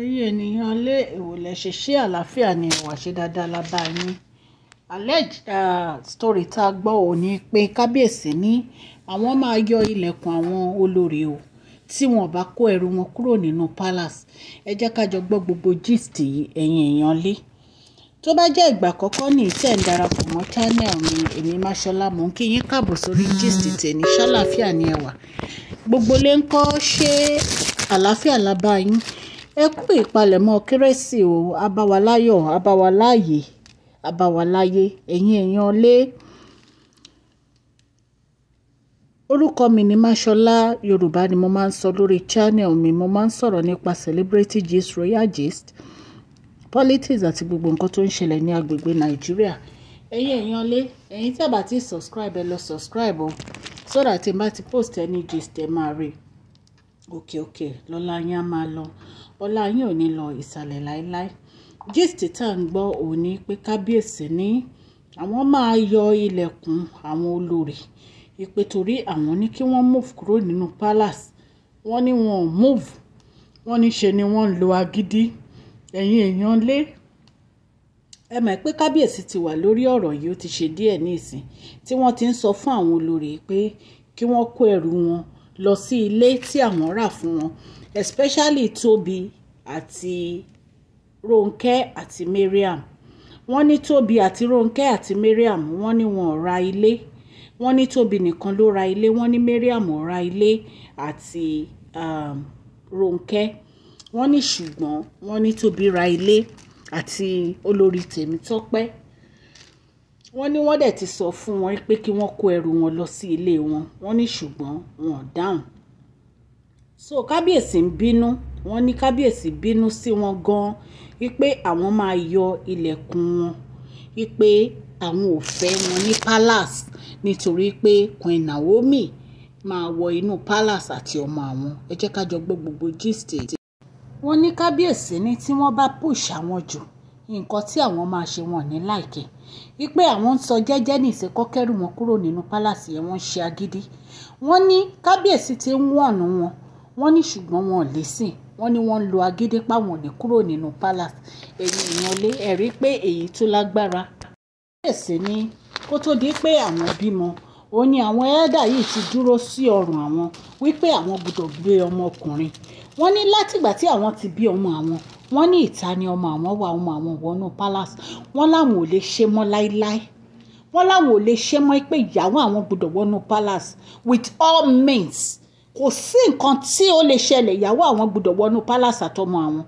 ẹ̀yin ènìyàn lé ìwòlẹ̀ ṣe ṣé àlàáfíà ni ìwà ṣe dáadáa lábá yín alleged story tá a gbọ́ ò ní pé kábíyèsí ní àwọn máa yọ ilẹ̀kùn àwọn olórí o tí wọn bá kó ẹrù wọn kúrò nínú palace ẹ jẹ́ ká jọ gbọ́ gbogbo gist yìí ẹ̀yin èèyàn lé tó bá jẹ́ ìgbà àkọ́kọ́ ní ìtẹ̀ ń darapọ̀ mọ́ channel mi èmi máṣọlá mò ń kí yín káàbọ̀ sórí gist tèmi ṣàlàáfíà ni ẹ̀wà gbogbo lè ń kọ́ ṣé àlàáfíà lábá yín ẹ kú ìpalẹ̀mọ́ kérésì o abáwaláyọ̀ abáwaláyé abáwaláyé ẹ̀yin èèyàn lé orúkọ mi ni máṣọlá yorùbá ni mo máa ń sọ lórí channel mi mo máa ń sọ̀rọ̀ nípa celebrity gist royal gist politics àti gbogbo nǹkan tó ń ṣẹlẹ̀ ní agbègbè nàìjíríà ẹ̀yin èèyàn lé ẹ̀yin tí a bá ti subscribe ẹ lọ subscribe o so that tí n bá ti post ẹni gist ẹ máa rí òkè òkè lọ́la yín á máa lọ ọlá yín ò ní lọ ìsàlẹ̀ láéláé gist tá à ń gbọ́ òun ni pé kábíyèsí ní àwọn máa yọ ilẹ̀kùn àwọn olórí ìpè torí àwọn ní kí wọ́n move kúrò nínú palace wọ́n ní wọn ò move wọ́n ní ṣe ni wọ́n ń lo agídí ẹ̀yin èèyàn lé ẹ mọ̀ pé kábíyèsí ti wà lórí ọ̀rọ̀ yìí ó ti ṣe díẹ̀ ní ìsìn tí wọ́n ti ń sọ fún àwọn olórí pé kí wọ́n kó ẹrù wọn lọ sí ilé tí àwọn rà fún wọn especially Toby àti Rónkẹ́ àti Mariam wọ́n ní Tóbi àti Rónkẹ́ àti Mariam wọ́n ní wọn ò ra ilé wọ́n ní Tóbi nìkan ló ra ilé wọ́n ní Mariam ò ra ilé àti um, Rónkẹ́ wọ́n ní ṣùgbọ́n wọ́n ní Tóbi ra ilé àti olórí Tèmítọ́pẹ́ wọ́n ní wọ́n dẹ̀ ti sọ fún wọn pé kí wọ́n kó ẹrù wọn lọ sí ilé wọn wọ́n ní ṣùgbọ́n wọn ò dáhùn so kábíyèsí ń bínú wọ́n ní kábíyèsí bínú sí wọn gan-an wípé àwọn máa yọ ilẹ̀kùn wọn wípé àwọn ò fẹ́ wọn ní palace nítorí pé Queen Naomi máa wọ inú palace àti ọmọ àwọn ẹ jẹ́ ká jọ gbọ́ gbogbo gist wọ́n ní kábíyèsí ní tí wọ́n bá push àwọn jù nǹkan tí àwọn máa ṣe wọn ní láìkẹ́ wípé àwọn ń sọ jẹ́jẹ́ nìṣe kọ́kẹ́rù wọn kúrò nínú pálàsì yẹn wọ́n ń ṣe agídí wọ́n ní kábíyèsí ti ń wọ̀nù wọn wọ́n ní ṣùgbọ́n wọn ò lè sìn wọ́n ní wọ́n ń lo agídí páwọn ò ní kúrò nínú palace èyí ìyàn lé ẹ̀rí pé èyí tó lágbára. kábíyèsí ni kó tó di pé àwọn bímọ ó ní àwọn ẹ̀ẹ́dà yìí ti dúró sí ọrùn àwọn wípé àwọn gbọ́dọ̀ gbé ọmọkùnrin wọ́n ní látìgbà tí àwọn ti bí ọmọ àwọn wọ́n ní ìta ni ọmọ àwọn wà ọmọ àwọn wọnú palace wọ́n láwọn ò lè ṣe mọ́ láéláé wọ́n láwọn ò lè ṣe mọ́ pé ìyàwó àwọn gbọ́dọ̀ wọnú palace with all means kò sí nǹkan tí ó lè ṣẹlẹ̀ ìyàwó àwọn gbọ́dọ̀ wọnú palace àtọmọ àwọn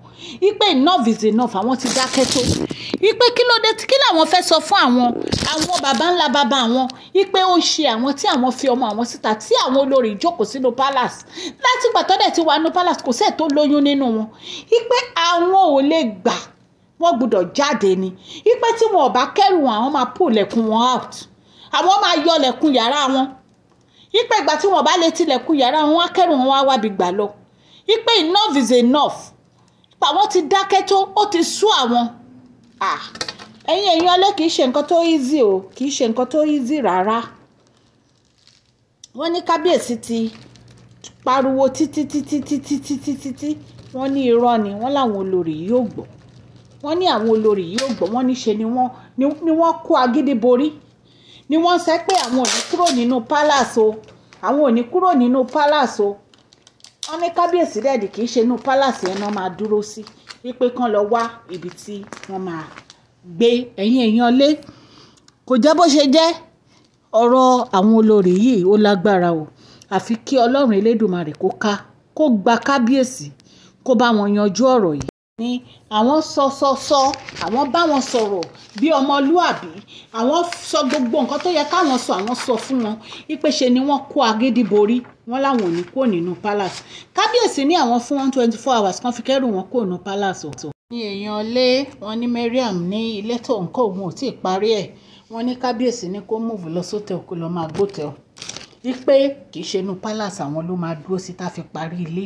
ipe enough is enough àwọn ti dákẹ́ tó ipe kí ló dé tí kí làwọn fẹ́ sọ fún àwọn àwọn baba ńlá baba àwọn ipe ó ṣe àwọn tí àwọn fi ọmọ àwọn síta tí àwọn olórí ìjókòó sínú palace láti ìgbà tọ́dẹ̀ ti wà nínú palace kò sẹ́ẹ̀ tó lóyún nínú wọn ipe àwọn ò lè gbà wọ́n gbọ́dọ̀ jáde ni ipe tí wọn ò bá kẹ́rù àwọn máa pull wọn out àwọn máa yọ lẹ̀kùn yàrá wọn ipe ìgbà tí wọ́n bá lè tilẹ̀kùn yàrá wọn á kẹ́rù wọn á wábi gbà lọ ipe enough is enough ipa wọn ti dákẹ́ tó ó ti sú àwọn ẹ̀yin ẹ̀yin ọlẹ́ kìí ṣe nǹkan tó easy o kìí ṣe nǹkan tó easy rárá wọ́n ní kábíyèsí ti pariwo títí títí títí títí títí wọ́n ní irọ́ ni wọ́n láwọn olórí yóò gbọ́ wọ́n ní àwọn olórí yóò gbọ́ wọ́n ní ṣe ni wọ́n kó agídí borí ni wọ́n sọ pé àwọn ò ní kúrò nínú palace o àwọn ò ní kúrò nínú palace o wọ́n ní kábíyèsí dẹ̀dì kì í ṣe inú palace yẹn náà máa dúró sí wípé kán lọ wá ibi tí wọ́n máa gbé ẹ̀yìn èèyàn lé kò jẹ́ bó ṣe jẹ́ ọ̀rọ̀ àwọn olórí yìí ó lágbára o àfi kí ọlọ́run elédùnmarè kó ká kó gba kábíyèsí kó bá wọn yanjú ọ̀rọ̀ yìí ni àwọn sọ sọ sọ àwọn bá wọn sọ̀rọ̀ bí ọmọlúàbí àwọn sọ gbogbo nǹkan tó yẹ káwọn sọ àwọn sọ fún wọn ìpèsè ni wọ́n kó agídí borí wọn làwọn ò ní kó nínú palace kábíyèsí ní àwọn fún one twenty four hours kan fi kẹ́rù wọn kó nínú palace ọ̀tọ̀. ní èèyàn lé wọn ní Mariam ní ilé tó ń kọ òun ò tí ì parí ẹ̀ wọn ní kábíyèsí ní kó múùfù lọ sótẹ kó lọ máa gbótẹ ọ wípé kì í ṣe inú palace àwọn ló máa dúró sí tá a fi parí ilé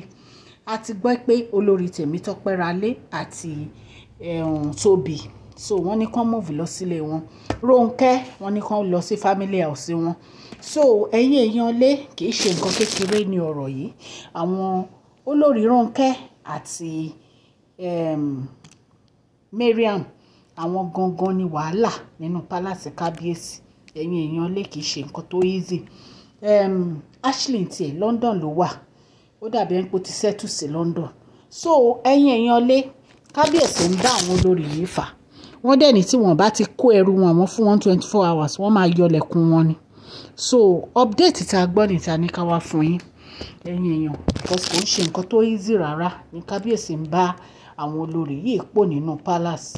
a ti gbọ́ pé olórí Tèmítọ́pẹ́ Ralé àti Tóbi so wọ́n ní kán move lọ sílé wọn Rónkẹ́ wọ́n ní kán lọ sí family house wọn so ẹ̀yin èèyàn lé kì í ṣe nǹkan kékeré ní ọ̀rọ̀ yìí àwọn olórí Rónkẹ́ àti Mariam àwọn gangan ni wàhálà nínú pálásì kábíyèsí ẹ̀yin èèyàn lé kì í ṣe nǹkan tó easy um, Ashley tiẹ̀ London ló wà ó dàbí ẹni pé ó ti settle sí London so ẹ̀yin èèyàn lé kábíyèsí ń bá àwọn olórí yìí fà wọ́n dẹ̀ ní tí wọ́n bá ti kó ẹrù wọn wọ́n fún one twenty four hours wọ́n máa yọlẹ̀kùn wọn ni so update tá a gbọ́ níta ní ká wá fún yín ẹ̀yin èèyàn because kò ń nǹkan tó easy rárá ní kábíyèsí ń bá àwọn olórí yìí pọ̀ nínú palace.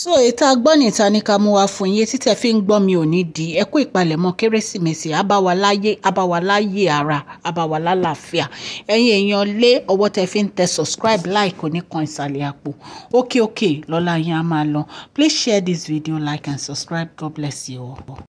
so ètò agbọ́nìta ní ká mú wa fún yín títẹ̀ fi ń gbọ́ mi ò ní di ẹ kú ìpalẹ̀mọ́ kérésìmesì abáwaláyé abáwaláyé ara abáwalálàáfíà ẹ̀yin èèyàn lé ọwọ́ tẹ fi ń tẹ subscribe like oníkan ìsàlẹ̀ àpò ókè ókè lọ́la yín a máa lọ please share this video like and subscribe god bless you all.